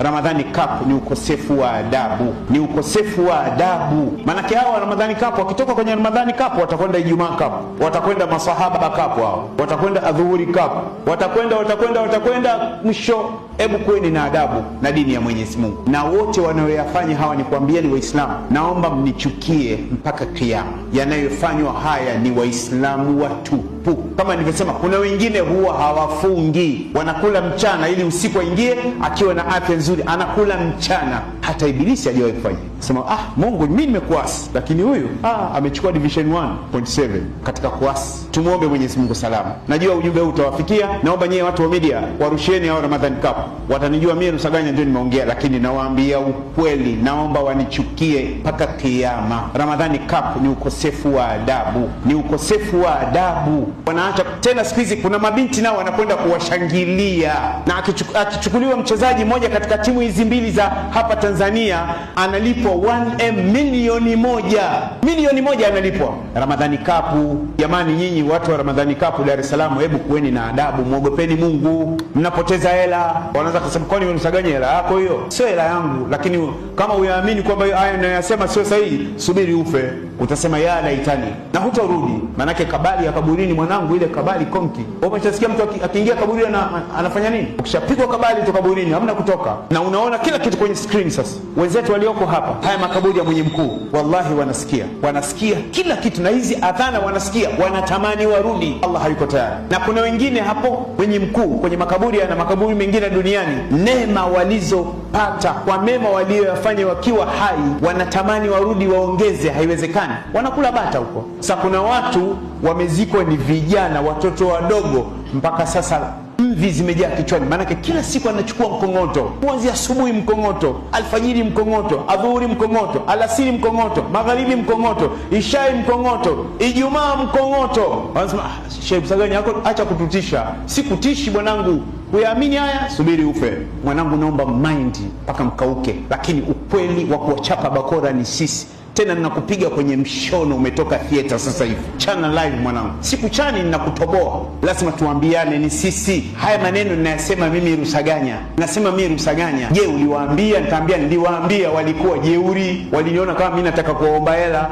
Ramadhani Cup ni ukosefu wa adabu, ni ukosefu wa adabu. Maanake hawa Ramadhani Cup wakitoka kwenye Ramadhani Cup watakwenda Ijumaa Cup, watakwenda Masahaba Cup, hao watakwenda Adhuhuri Cup, watakwenda watakwenda watakwenda mwisho. Hebu kweni na adabu na dini ya Mwenyezi Mungu, na wote wanayoyafanya hawa ni kuambieni Waislamu, naomba mnichukie mpaka kiama. Yanayofanywa haya ni Waislamu watu tupu. Kama nilivyosema, kuna wengine huwa hawafungi, wanakula mchana ili usiku aingie akiwa na afya nzuri, anakula mchana. Hata Ibilisi hajawahi kufanya, sema ah, Mungu mimi nimekuasi, lakini huyu ah, amechukua division 1.7 katika kuasi. Tumwombe Mwenyezi Mungu salama. Najua ujumbe huu utawafikia. Naomba nyie watu wa media warusheni hao Ramadhan Cup, watanijua mimi Rusaganya ndio nimeongea, lakini nawaambia ukweli, naomba wanichukie mpaka kiama. Ramadhani Cup ni ukosefu wa adabu, ni ukosefu wa adabu wanaacha tena. Siku hizi kuna mabinti nao wanakwenda kuwashangilia, na akichukuliwa mchezaji mmoja katika timu hizi mbili za hapa Tanzania analipwa 1M milioni moja, milioni moja analipwa. Ramadhani Kapu, jamani, nyinyi watu wa Ramadhani Kapu Dar es Salaam, hebu kuweni na adabu, mwogopeni Mungu, mnapoteza hela. Wanaanza kusema kwani unisaganya hela yako hiyo? Sio hela yangu, lakini kama uyaamini kwamba hayo nayasema sio sahihi, subiri ufe, utasema ya laitani na hutarudi, manake kabali ya kaburini mwanangu, ile kabali konki. Umeshasikia mtu akiingia kaburi na, anafanya nini? Ukishapigwa kabali tu kaburini, hamna kutoka, na unaona kila kitu kwenye screen. Sasa wenzetu walioko hapa, haya makaburi ya mwenye mkuu, wallahi wanasikia, wanasikia kila kitu, na hizi adhana wanasikia, wanatamani warudi. Allah hayuko tayari, na kuna wengine hapo mwenye mkuu kwenye makaburi na makaburi mengine duniani, neema walizopata kwa mema walioyafanya wakiwa hai, wanatamani warudi waongeze, haiwezekani, wanakula bata huko. Sasa kuna watu wamezikwa ni vijana, watoto wadogo, mpaka sasa mvi zimejaa kichwani. Maanake kila siku anachukua mkong'oto, kuanzia asubuhi mkong'oto, alfajiri mkong'oto, adhuhuri mkong'oto, alasiri mkong'oto, magharibi mkong'oto, ishai mkong'oto, ijumaa mkong'oto. Wanasema ah, Sheikh Msaganya acha kututisha. Si kutishi bwanangu, huyaamini haya, subiri ufe mwanangu, naomba maindi mpaka mkauke, lakini ukweli wa kuwachapa bakora ni sisi tena ninakupiga kwenye mshono, umetoka theater sasa hivi. Chana live mwanangu, siku chani ninakutoboa. Lazima tuambiane, ni sisi. Haya maneno ninayasema mimi Rusaganya, nasema mimi Rusaganya. Je, uliwaambia? Nitaambia niliwaambia. Walikuwa jeuri, waliniona kama mimi nataka kuwaomba hela.